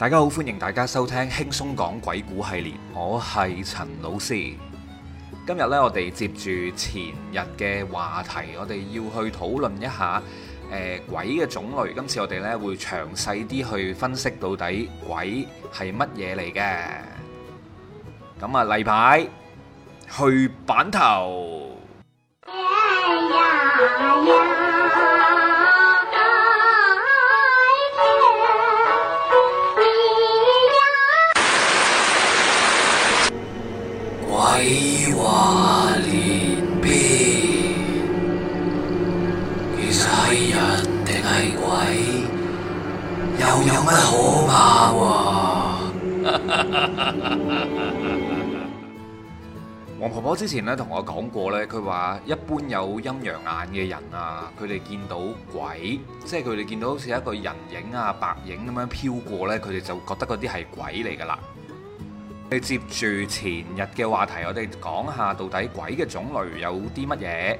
大家好，歡迎大家收聽輕鬆講鬼故系列，我係陳老師。今日呢，我哋接住前日嘅話題，我哋要去討論一下，呃，鬼嘅種類。今次我哋呢會詳細啲去分析到底鬼係乜嘢嚟嘅。咁啊，例牌去板頭。黃婆婆之前咧同我講過咧，佢話一般有陰陽眼嘅人啊，佢哋見到鬼，即係佢哋見到好似一個人影啊、白影咁樣飄過咧，佢哋就覺得嗰啲係鬼嚟噶啦。你接住前日嘅話題，我哋講下到底鬼嘅種類有啲乜嘢。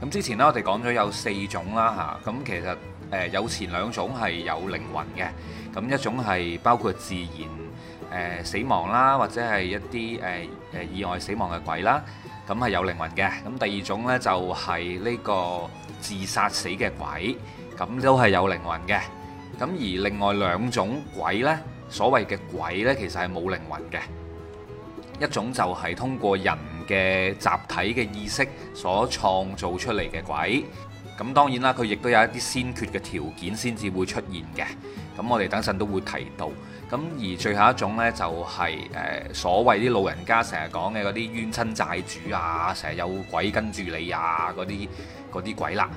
咁之前咧，我哋講咗有四種啦吓，咁其實誒有前兩種係有靈魂嘅，咁一種係包括自然誒死亡啦，或者係一啲誒誒意外死亡嘅鬼啦，咁係有靈魂嘅。咁第二種咧就係呢個自殺死嘅鬼，咁都係有靈魂嘅。咁而另外兩種鬼咧，所謂嘅鬼咧，其實係冇靈魂嘅。一種就係通過人嘅集體嘅意識所創造出嚟嘅鬼，咁當然啦，佢亦都有一啲先決嘅條件先至會出現嘅，咁我哋等陣都會提到。咁而最後一種呢，就係、是、誒、呃、所謂啲老人家成日講嘅嗰啲冤親債主啊，成日有鬼跟住你啊嗰啲嗰啲鬼啦、啊。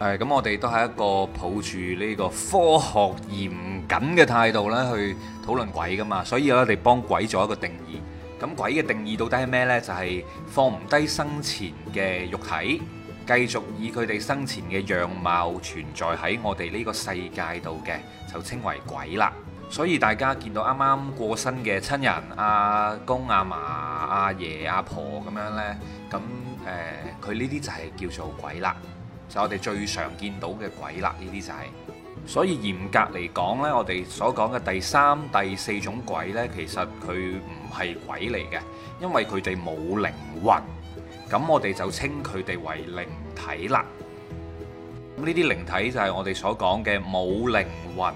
誒、哎、咁我哋都係一個抱住呢個科學嚴謹嘅態度呢去討論鬼㗎嘛，所以我哋幫鬼做一個定義。咁鬼嘅定義到底係咩呢？就係放唔低生前嘅肉體，繼續以佢哋生前嘅樣貌存在喺我哋呢個世界度嘅，就稱為鬼啦。所以大家見到啱啱過身嘅親人，阿公、阿嫲、阿爺、阿婆咁樣呢，咁誒，佢呢啲就係叫做鬼啦。就係我哋最常見到嘅鬼啦，呢啲就係。所以嚴格嚟講呢，我哋所講嘅第三、第四種鬼呢，其實佢。係鬼嚟嘅。因為佢哋冇靈魂，咁我哋就稱佢哋為靈體啦。咁呢啲靈體就係我哋所講嘅冇靈魂，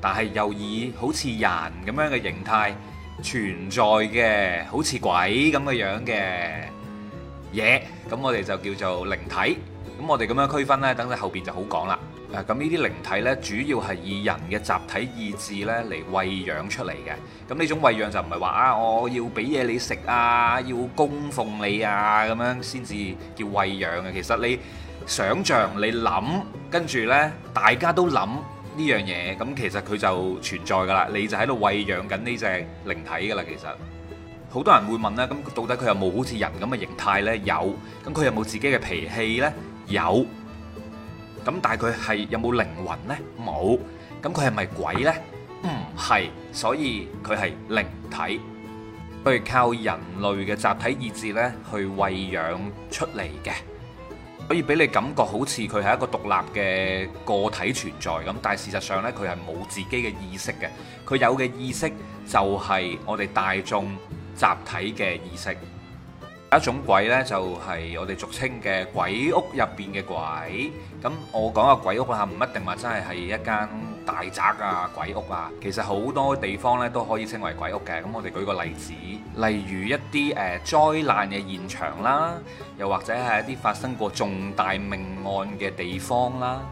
但係又以好似人咁樣嘅形態存在嘅，好似鬼咁嘅樣嘅嘢，咁我哋就叫做靈體。咁我哋咁樣區分呢，等陣後邊就好講啦。誒，咁呢啲靈體咧，主要係以人嘅集體意志咧嚟餵養出嚟嘅。咁呢種餵養就唔係話啊，我要俾嘢你食啊，要供奉你啊，咁樣先至叫餵養嘅。其實你想像、你諗，跟住呢大家都諗呢樣嘢，咁其實佢就存在㗎啦。你就喺度餵養緊呢隻靈體㗎啦。其實好多人會問啦，咁到底佢有冇好似人咁嘅形態呢？有。咁佢有冇自己嘅脾氣呢？有。咁但係佢係有冇靈魂呢？冇。咁佢係咪鬼呢？唔係。所以佢係靈體，佢靠人類嘅集體意志呢去餵養出嚟嘅，所以俾你感覺好似佢係一個獨立嘅個體存在。咁但係事實上呢，佢係冇自己嘅意識嘅。佢有嘅意識就係我哋大眾集體嘅意識。有一種鬼呢，就係我哋俗稱嘅鬼屋入邊嘅鬼。咁我講個鬼屋啊，唔一定話真係係一間大宅啊，鬼屋啊。其實好多地方呢，都可以稱為鬼屋嘅。咁我哋舉個例子，例如一啲誒災難嘅現場啦，又或者係一啲發生過重大命案嘅地方啦，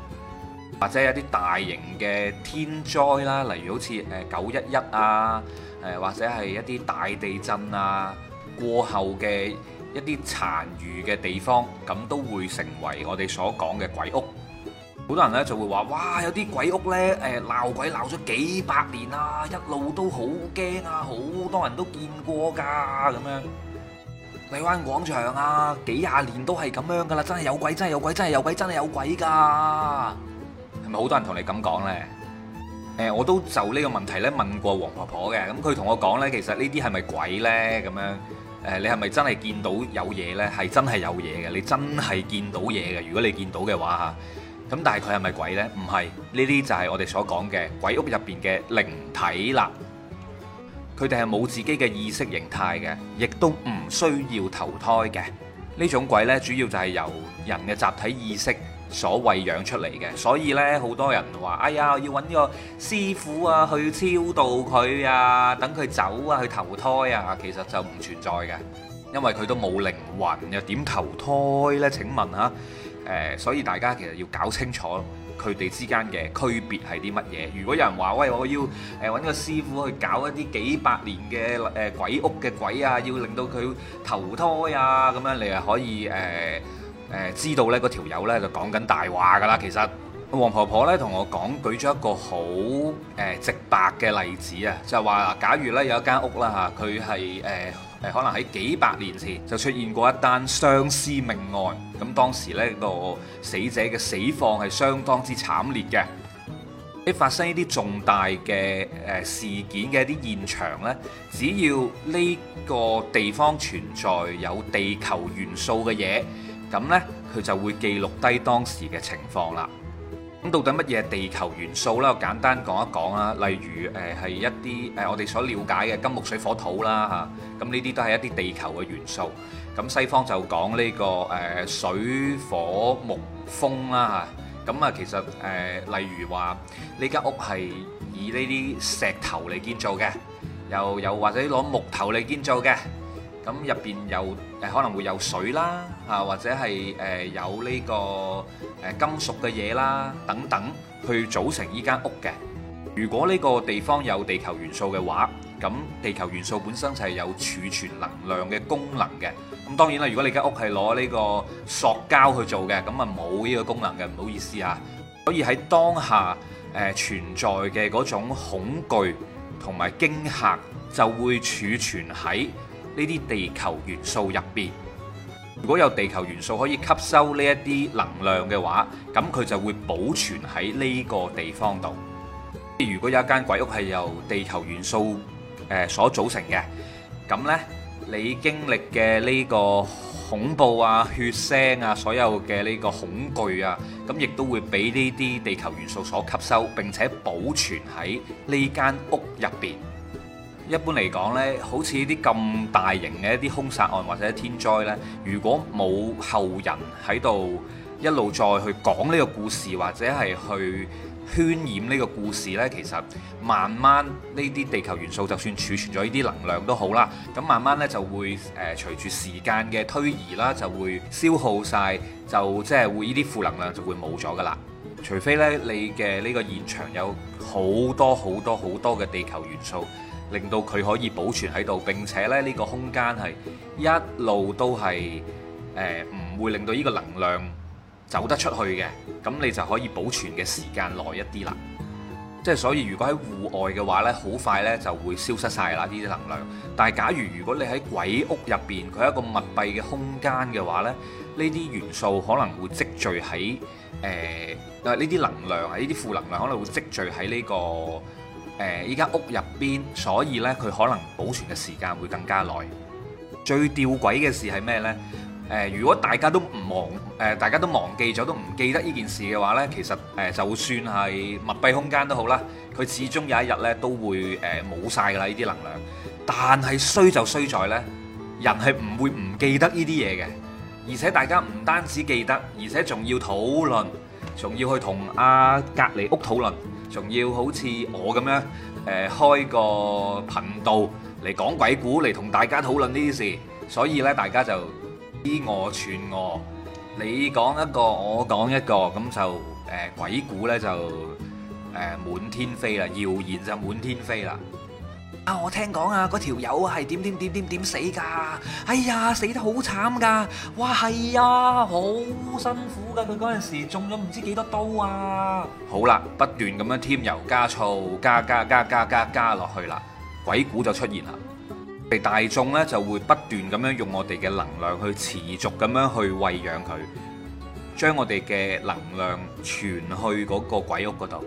或者一啲大型嘅天災啦，例如好似誒九一一啊，誒或者係一啲大地震啊。過後嘅一啲殘餘嘅地方，咁都會成為我哋所講嘅鬼屋。好多人呢就會話：哇，有啲鬼屋呢，誒，鬧鬼鬧咗幾百年啊，一路都好驚啊，好多人都見過噶，咁樣。荔灣廣場啊，幾廿年都係咁樣噶啦，真係有鬼，真係有鬼，真係有鬼，真係有鬼噶。係咪好多人同你咁講呢？誒，我都就呢個問題呢問過黃婆婆嘅，咁佢同我講呢，其實呢啲係咪鬼呢？咁樣。誒，你係咪真係見到有嘢呢？係真係有嘢嘅，你真係見到嘢嘅。如果你見到嘅話嚇，咁但係佢係咪鬼呢？唔係，呢啲就係我哋所講嘅鬼屋入邊嘅靈體啦。佢哋係冇自己嘅意識形態嘅，亦都唔需要投胎嘅。呢種鬼呢，主要就係由人嘅集體意識。所餵養出嚟嘅，所以呢，好多人話，哎呀，要揾呢個師傅啊，去超度佢啊，等佢走啊，去投胎啊，其實就唔存在嘅，因為佢都冇靈魂又、啊、點投胎呢？請問吓、呃，所以大家其實要搞清楚佢哋之間嘅區別係啲乜嘢？如果有人話，喂，我要誒揾個師傅去搞一啲幾百年嘅誒、呃、鬼屋嘅鬼啊，要令到佢投胎啊，咁樣你係可以誒？呃誒知道呢嗰條友呢，就講緊大話㗎啦。其實黃婆婆呢，同我講，舉咗一個好誒、呃、直白嘅例子啊，就係話，假如呢有一間屋啦嚇，佢係誒誒可能喺幾百年前就出現過一單雙屍命案。咁當時呢個死者嘅死況係相當之慘烈嘅。喺發生呢啲重大嘅誒事件嘅一啲現場呢，只要呢個地方存在有地球元素嘅嘢。咁呢，佢就會記錄低當時嘅情況啦。咁到底乜嘢地球元素咧？我簡單講一講啦。例如誒，係一啲誒，我哋所了解嘅金木水火土啦嚇。咁呢啲都係一啲地球嘅元素。咁西方就講呢個誒水火木風啦嚇。咁啊，其實誒，例如話呢間屋係以呢啲石頭嚟建造嘅，又又或者攞木頭嚟建造嘅。咁入邊有誒可能會有水啦，啊或者係誒有呢個誒金屬嘅嘢啦等等，去組成呢間屋嘅。如果呢個地方有地球元素嘅話，咁地球元素本身就係有儲存能量嘅功能嘅。咁當然啦，如果你間屋係攞呢個塑膠去做嘅，咁啊冇呢個功能嘅，唔好意思嚇、啊。所以喺當下誒、呃、存在嘅嗰種恐懼同埋驚嚇就會儲存喺呢啲地球元素入邊，如果有地球元素可以吸收呢一啲能量嘅話，咁佢就會保存喺呢個地方度。如果有一間鬼屋係由地球元素誒所組成嘅，咁咧你經歷嘅呢個恐怖啊、血腥啊、所有嘅呢個恐懼啊，咁亦都會俾呢啲地球元素所吸收並且保存喺呢間屋入邊。一般嚟講呢，好似啲咁大型嘅一啲兇殺案或者天災呢，如果冇後人喺度一路再去講呢個故事，或者係去渲染呢個故事呢，其實慢慢呢啲地球元素就算儲存咗呢啲能量都好啦，咁慢慢呢就會誒隨住時間嘅推移啦，就會消耗晒，就即係會呢啲負能量就會冇咗噶啦。除非呢你嘅呢個現場有好多好多好多嘅地球元素。令到佢可以保存喺度，並且咧呢個空間係一路都係誒唔會令到呢個能量走得出去嘅，咁你就可以保存嘅時間耐一啲啦。即係所以，如果喺戶外嘅話呢，好快呢就會消失曬啦呢啲能量。但係假如如果你喺鬼屋入邊，佢一個密閉嘅空間嘅話呢，呢啲元素可能會積聚喺誒，呢、呃、啲能量係呢啲負能量可能會積聚喺呢個。誒呢間屋入邊，所以呢佢可能保存嘅時間會更加耐。最吊詭嘅事係咩呢？誒如果大家都唔忘，誒大家都忘記咗，都唔記得呢件事嘅話呢，其實誒就算係密閉空間都好啦，佢始終有一日呢都會誒冇曬㗎啦呢啲能量。但係衰就衰在呢，人係唔會唔記得呢啲嘢嘅，而且大家唔單止記得，而且仲要討論，仲要去同阿隔離屋討論。仲要好似我咁樣，誒、呃、開個頻道嚟講鬼故嚟同大家討論呢啲事，所以呢，大家就知我全我，我，你講一個我講一個，咁就誒、呃、鬼故呢就誒滿、呃、天飛啦，謠言就滿天飛啦。啊！我聽講啊，嗰條友係點點點點點死噶，哎呀，死得好慘噶，哇係呀，好辛苦噶，佢嗰陣時中咗唔知幾多刀啊！好啦，不斷咁樣添油加醋，加加加加加加落去啦，鬼故就出現啦，俾大眾呢，就會不斷咁樣用我哋嘅能量去持續咁樣去餵養佢，將我哋嘅能量傳去嗰個鬼屋嗰度。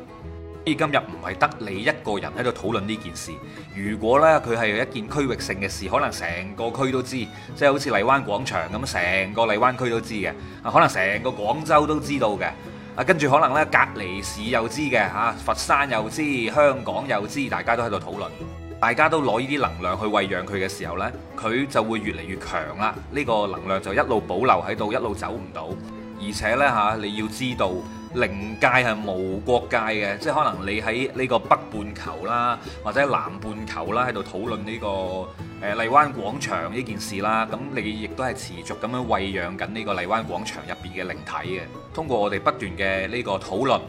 今日唔係得你一個人喺度討論呢件事。如果呢，佢係有一件區域性嘅事，可能成個區都知，即係好似荔灣廣場咁，成個荔灣區都知嘅。啊，可能成個廣州都知道嘅。啊，跟住可能呢，隔離市又知嘅，嚇、啊、佛山又知，香港又知，大家都喺度討論，大家都攞呢啲能量去餵養佢嘅時候呢，佢就會越嚟越強啦。呢、呢個能量就一路保留喺度，一路走唔到。而且呢，嚇、啊，你要知道。靈界係無國界嘅，即係可能你喺呢個北半球啦，或者南半球啦，喺度討論呢個誒荔灣廣場呢件事啦，咁你亦都係持續咁樣餵養緊呢個荔灣廣場入邊嘅靈體嘅，通過我哋不斷嘅呢個討論。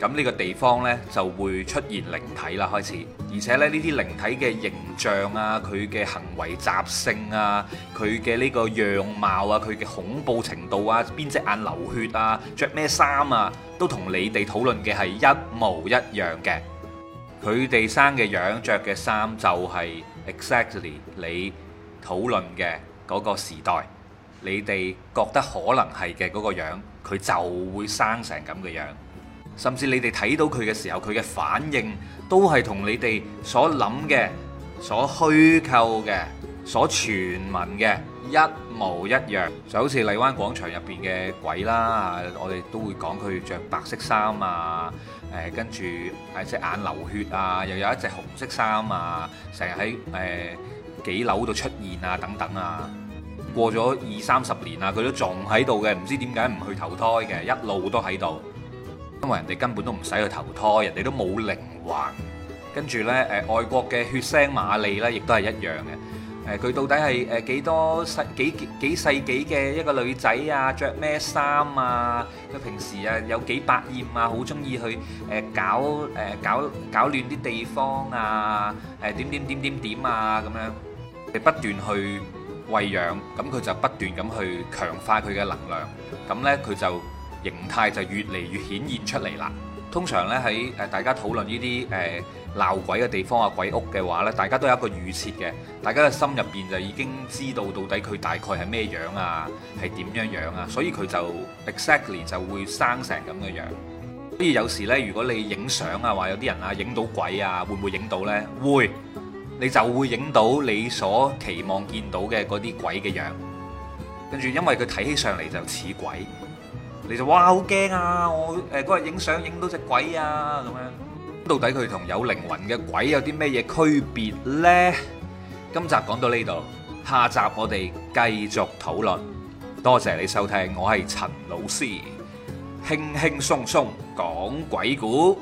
咁呢個地方呢就會出現靈體啦，開始。而且咧呢啲靈體嘅形象啊，佢嘅行為習性啊，佢嘅呢個樣貌啊，佢嘅恐怖程度啊，邊隻眼流血啊，著咩衫啊，都同你哋討論嘅係一模一樣嘅。佢哋生嘅樣，著嘅衫就係 exactly 你討論嘅嗰個時代。你哋覺得可能係嘅嗰個樣，佢就會生成咁嘅樣。甚至你哋睇到佢嘅時候，佢嘅反應都係同你哋所諗嘅、所虛構嘅、所傳聞嘅一模一樣。就好似荔灣廣場入邊嘅鬼啦，我哋都會講佢著白色衫啊，誒跟住係隻眼流血啊，又有一隻紅色衫啊，成日喺誒幾樓度出現啊等等啊。過咗二三十年啊，佢都仲喺度嘅，唔知點解唔去投胎嘅，一路都喺度。因為人哋根本都唔使去投胎，人哋都冇靈魂。跟住呢，誒外國嘅血腥瑪麗呢亦都係一樣嘅。誒、呃、佢到底係誒幾多世幾幾世紀嘅一個女仔啊？着咩衫啊？佢平時啊有幾百頁啊，好中意去誒、呃、搞誒搞搞亂啲地方啊！誒、呃、點點點點點，點啊咁樣，佢不斷去餵養，咁佢就不斷咁去強化佢嘅能量，咁呢，佢就。形態就越嚟越顯現出嚟啦。通常呢，喺誒大家討論呢啲誒鬧鬼嘅地方啊、鬼屋嘅話呢，大家都有一個預設嘅，大家嘅心入邊就已經知道到底佢大概係咩樣啊，係點樣樣啊，所以佢就 exactly 就會生成咁嘅樣，樣。所以有時呢，如果你影相啊，話有啲人啊影到鬼啊，會唔會影到呢？會，你就會影到你所期望見到嘅嗰啲鬼嘅樣。跟住因為佢睇起上嚟就似鬼。你就話哇，好驚啊！我誒嗰日影相影到隻鬼啊咁樣，到底佢同有靈魂嘅鬼有啲咩嘢區別呢？今集講到呢度，下集我哋繼續討論。多謝你收聽，我係陳老師，輕輕鬆鬆講鬼故。